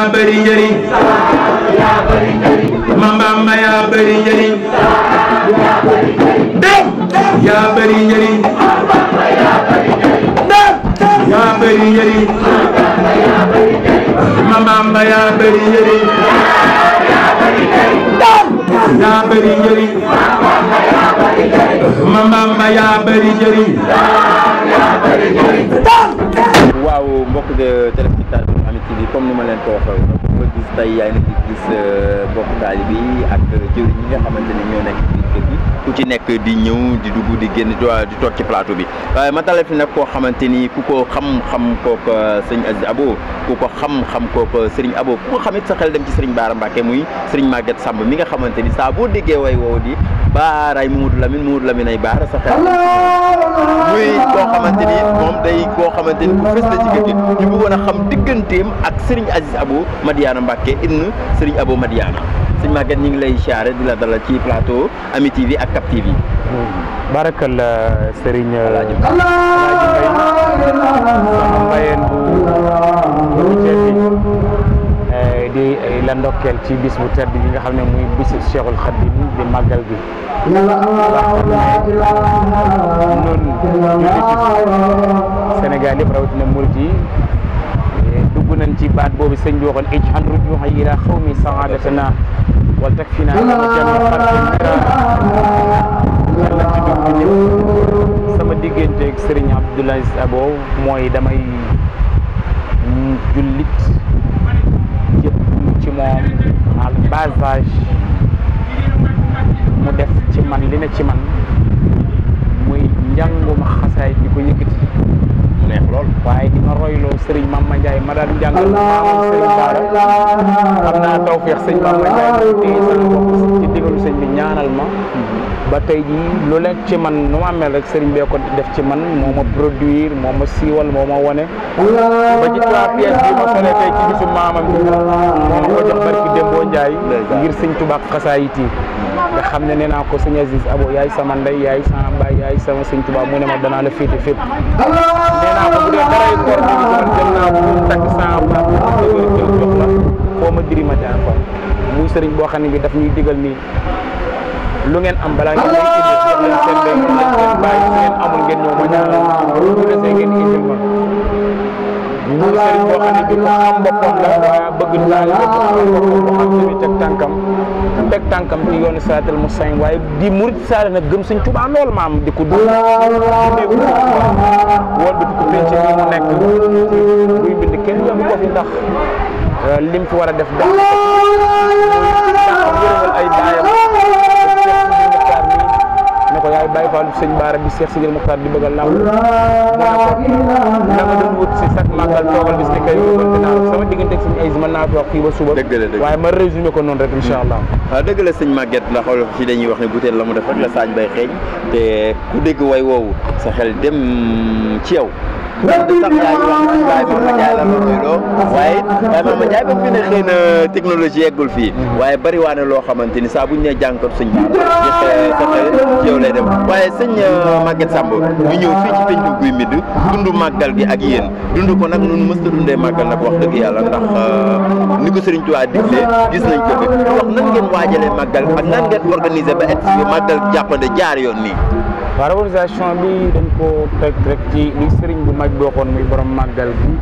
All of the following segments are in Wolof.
yaa bëri njëriñ. Mambamba yaa bëri njëriñ. dem. yaa bëri njëriñ. dem. yaa bëri njëriñ. Mambamba yaa bëri njëriñ. dem. yaa bëri njëriñ. Mambamba yaa bëri njëriñ. dem. waaw mbokk téléspectateur bi Mami TV comme ni ma leen ko waxee ba gis tey yaay na gis euh, mbokk taalibe yi ak jëwriñ ñi nga xamante ne ñoo nekk ci ku ci nekk di ñëw di dugg di génn di toog ci plateau bi waaye ma dalal fi koo xamante ni ku ko xam-xam kooku euh, sëñ Aziz Abo ku ko xam-xam kooku euh, sëriñ Abo ku xam it sa xel dem ci sëriñ Baara Mbacke muy sëriñ Maguette Samb mi nga xamante ni saa boo déggee way woow di baaraay Mamadou Lamine Mamadou Lamine ay baara sa xel muy koo xamante ni moom day koo xamante ni ku fës la ci ñu bëggoon a xam digganteem ak sëriñ Aziz Abo Madiana Mbacke ibn sëriñ Abo Madiana sëñ Maguette ñu ngi lay siyaare di la dalal ci Cap TV. barakalla Serigne Alaaji Mbaye bu eh, di la ndokkeel ci bis bu tedd bi nga xam ne muy bisu Cheikhul Khadim di màggal bi noonu Sénégal yëpp rawatina murid yi eh, dugg nañ ci baat boobu sëñ bi waxoon ij an rujuha ila xawmi saadatana wal teg fi naa sama jàmm ak ci yàlla ci dugg ñëpp sama digganteeg Serigne Abdoul Aziz mooy damay jullit jëpp ci moom al basage mu def ci man li na ci man muy njànguma xasaay di ko yëkkati neex lool waaye di ma royloo sëriñ Mama Ndiaye ma daan jàngal maamam sëriñ Baara am naa tawfeex sëñ Mama Ndiaye tey sama bopp ci digalu sëñ bi ñaanal ma mm-hmm. ba tey jii lu leen ci man nu ma mel rek sëriñ bee ko def ci man moo ma produire moo ma siiwal moo ma wone ba ci trois pièces bi ma solee tey ci bisu maamam bi moo ma ko jox barki Dembo Njaay ngir sëñ Tuubaa xasaayit yi nga xam ne nee naa ko sëñ Aziz Abo yaay sama ndey yaay sama baay yaay sama sëñ Tuubaa mu ne ma danaa la féete fépp nee naa ko bu dee daray ngor bi ci man jël naa ko takk cent franc jël jox la foo ma diri ma jaar fa muy sëriñ boo xam ne bi daf ñuy digal nii lu ngeen am balaa ngeen lay indi seen mbéy jox leen seen ngeen amul ngeen ñëw ma ñaanal bu desee ngeen indil ma ñu ko la bëgg la ci yoonu di murit saale nag gëm maam di ko dund di bi ko penc ni mu nekk buy bind kenn yomb ko fi ndax eh, lim fi def ay yaay Baye Fall sëñ Baara di Cheikh Sidil Mokhtar di bëggal naa na nga doon wut si sax màggal toogal bis ni kay dinaa sama diggante ak sëñ Aïs mën naa fi wax ba suba waaye ma résumé ko noonu rek incha hmm. allah waaw ah, dëgg la sëñ Maguette xool ci dañuy wax ne butéel la mu def rek la saañ bay xeeñ te ku dégg way woowu sa xel dem ci yow loolu sax yaa ngi wax waaye Mama Ndiaye la doon doyloo waaye waaye Mama Ndiaye ba fi ne yeggul fii waaye bari waa ne loo xamante ni saa bu ñu nee jànkuwut suñ yow lay dem waaye sëñ euh, Maguette Samb ñu ñëw fii ci penku guy mid dund màggal gi ak yéen dund ko nag nun mës ta dundee màggal nag wax dëgg yàlla ndax euh, ni ko Serigne Touba diglee gis nañ ko fi wax nan ngeen waajalee màggal ak nan ngeen organiser ba et màggal jàppande jaar yoon nii waaw revalorisation bi dañ ko teg rek ci li sëriñ bu mag bi waxoon muy borom màggal bi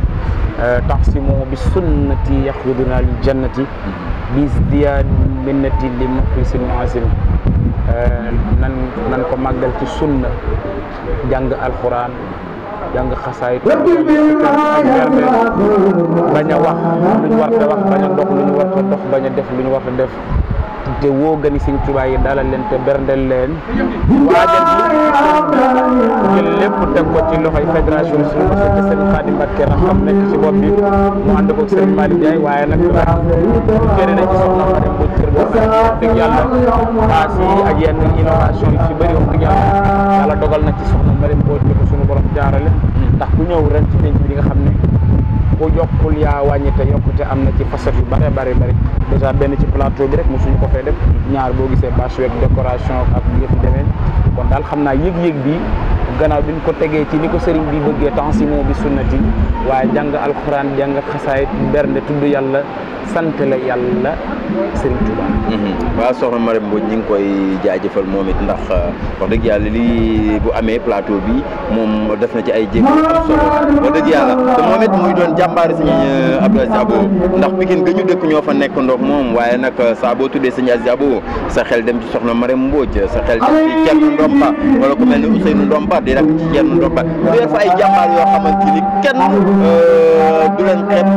euh, taqsimu bi sunnati yaquduna lil jannati bi ziyaadi minnati li muxlisin muasim euh, nan nan ko màggal ci sunna jàng alxuraan jàng xasaay bañ a wax lu ñu wax bañ dox lu ñu def lu war a def te woo gani Sëñ Tuubaa yi dalal leen te berndel leen waajal bi jël lépp teg ko ci loxoy fédération suñu monsieur te Sëñ Xaadim Mbakke raxam nekk ci bopp bi mu ànd ko Sëñ Malick waaye nag jëre na ci soxna Xaadim bu cër boo xam ne yàlla paas yi ak yenn innovation yi ci bëri wax dëgg yàlla yàlla dogal na ci soxna Marim boo ko suñu borom jaarale ndax ku ñëw ren ci penc bi nga xam ne ku yokkul yaa wàññi te yokkute am na ci facette yu bare bare bëri dèjà benn ci plateau bi rek mosuñu ko fee def ñaar boo gisee bâche weeg décoration ak yëpp demee kon daal xam naa yëg-yëg bi gannaaw bi ñu ko tegee ci ni ko sëriñ bi bëggee temps si moo bi sunnati waaye jàng alxuraan jàng xasaayit bernde tudd yàlla sant la yàlla Serigne Touba. Mhm. waaw soxna Marème Mbodj ñu ngi koy jaajëfal moom it ndax wax dëgg yàlla lii bu amee plateau bi moom def na ci ay jéego am solo wax dëgg yàlla te moom it muy doon jàmbaar sëñ euh, Abdoulaye Diabo ndax Pikine ga ñu dëkk ñoo fa nekk ndox moom waaye nag euh, saa boo tuddee sëñ Abdoulaye Diabo sa xel dem ci soxna Marème Mbodj sa xel dem ci Thierno Ndomba wala ku mel di rek ci Thierno Ndomba di def ay jàmbaar yoo xamante ni kenn euh, du leen xeeb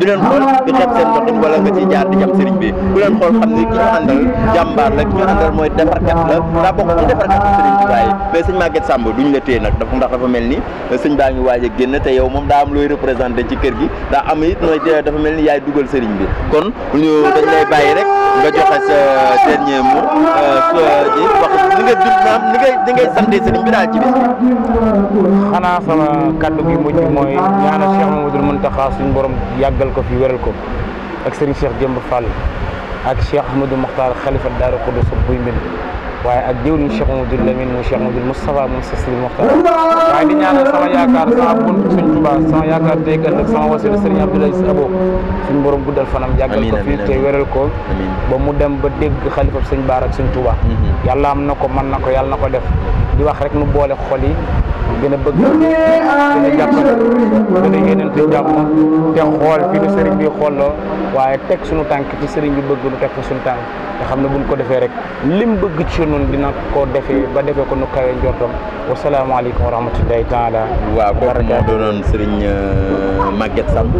du leen xool du xeeb seen doxin wala nga ci jaar di jam sëriñ bi ku leen xool xam ni ki ñu jàmbaar la ki ñu àndal mooy defarkat la daa bokk ci defarkat sëriñ bi waaye mais sëñ Maguette Samb duñ la téye nag dafa ndax dafa mel ni sëñ baa ngi waaj a génn te yow moom daa am looy représenté ci kër gi daa am it nooy dafa mel ni yaay dugal sëriñ bi kon ñu dañ lay bàyyi rek nga joxe sa dernier mot euh, ji wax ni nga jub naam ni ngay ni ngay sante sëriñ bi daal ci bis xanaa sama kaddu gi mujj mooy ñaana Cheikh suñ borom yàggal ko fi wéral ko ak sëriñ Cheikh Jëmb Fall ak Cheikh Ahmadou Makhtar xalifa Daaru Xudoos buy mbind waaye ak jëwriñ Cheikh Mamadou Lamine mu Cheikh Mamadou Moustapha moom sa Sëriñ Moxtar waaye di ñaanal sama yaakaar sama bunt suñ Touba sama yaakaar tey ëllëg sama wasila Sëriñ Abdoulaye Sabo suñ borom guddal fanam yàggal ko fii te wéral ko ba mu dem ba dégg xalifab sëñ Baar ak suñ Touba mhm. yàlla am na ko mën na ko yàlla na ko def di wax rek nu boole xol yi gën a bëgg gën a jàppale gën a yéenante jàmm te xool fi nu sëriñ bi xooloo waaye teg suñu tànk fi sëriñ bi bëgg nu teg fa suñu tànk te xam ne buñ ko defee rek lim bëgg ci non dina ko defé ba defé ko nu kawé njortam wa alaykum wa rahmatullahi taala waaw kooku do non serigne uh, Maguette sam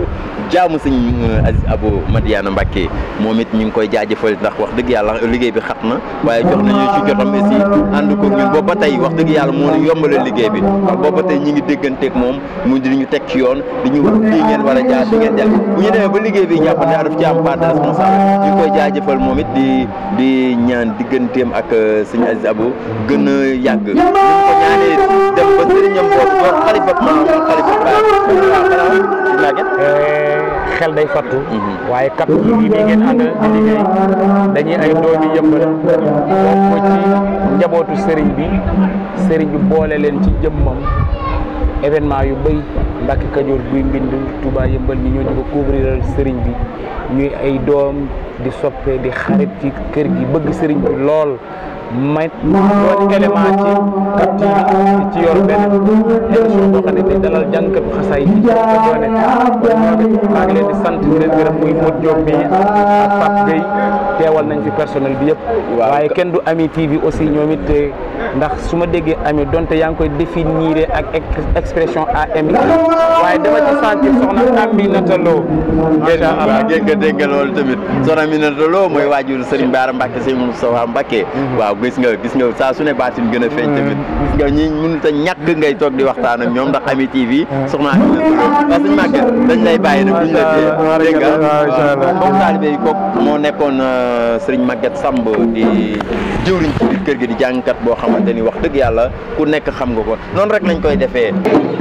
jaamu serigne uh, Aziz Abou Madiana Mbacké momit ñing ñu ngi koy jaajëfal ndax wax deug yalla liggéey bi xatna waye jox nañu ci jotam aussi and ko ñun bo batay wax deug yalla mo ñu yombal liggéey bi bo batay tey ñi ngi dégganteeg moom mu di ñu tek ci yoon di ñu wax lii ngeen wara a jaar di ngeen jaar bu ñu demee ba liggéey bi jàpp na daf ci am part mo sa ñu koy jaajëfal moom it di di ñaan digganteem ak uh, sëñ Aziz Abou a yàgg ñu ko ñaanee def ba sëriñam eh, xel day fattu mhm. waaye kat yi nii ngeen ànd di liggéey dañuy ay doomi yëmbal bokk ko ci njabootu sëriñ bi sëriñ bi boole leen ci jëmmam événement yu bëy Mbàkke Kajoor buy mbind Touba yëmbal ni ñoo di couvriral sëriñ bi ñuy ay doom di soppe di xarit ci kër gi bëgg sëriñ bi lool may doon élément ci kapti ci yor benn émission boo xam dalal jànkatu xasaay yi ci doone leen di sant di leen gërëm muy Modou Diop bi ak Pape Gueye teewal nañ fi personnel bi yëpp waaye kenn du Ami TV aussi ñoom it eh, ndax su ma déggee Ami donte yaa ngi koy définir ak expression AMI waaye dama ci sentir soxna Aminata Lo macha allah dégg nga dégg loolu tamit hmm. soxna Aminata Lo mooy waajur gis nga gis nga saa su ne baatin gën a feeñ tamit mm. gis nga ñi mënut a ñàkk ngay toog di waxtaan ñoom ndax Ami TV mm. soxna ak parce que màgget dañ lay bàyyi na duñ la téye dégg nga moom taalibe yi moo nekkoon euh, Serigne Maguette Samb di jëwriñ ci biir kër gi di jàngkat boo xamante ni wax dëgg yàlla ku nekk xam nga ko noonu rek lañ koy defee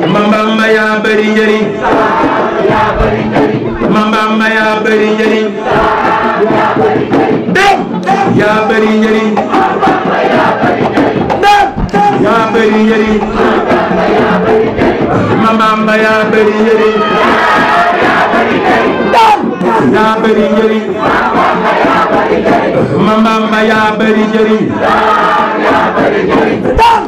mambamba yaa bëri njëriñ mambamba yaa bëri njëriñ dem yaa bëri njëriñ dem yaa bëri njëriñ mambamba yaa bëri njëriñ dem yaa bëri njëriñ mambamba yaa bëri njëriñ dem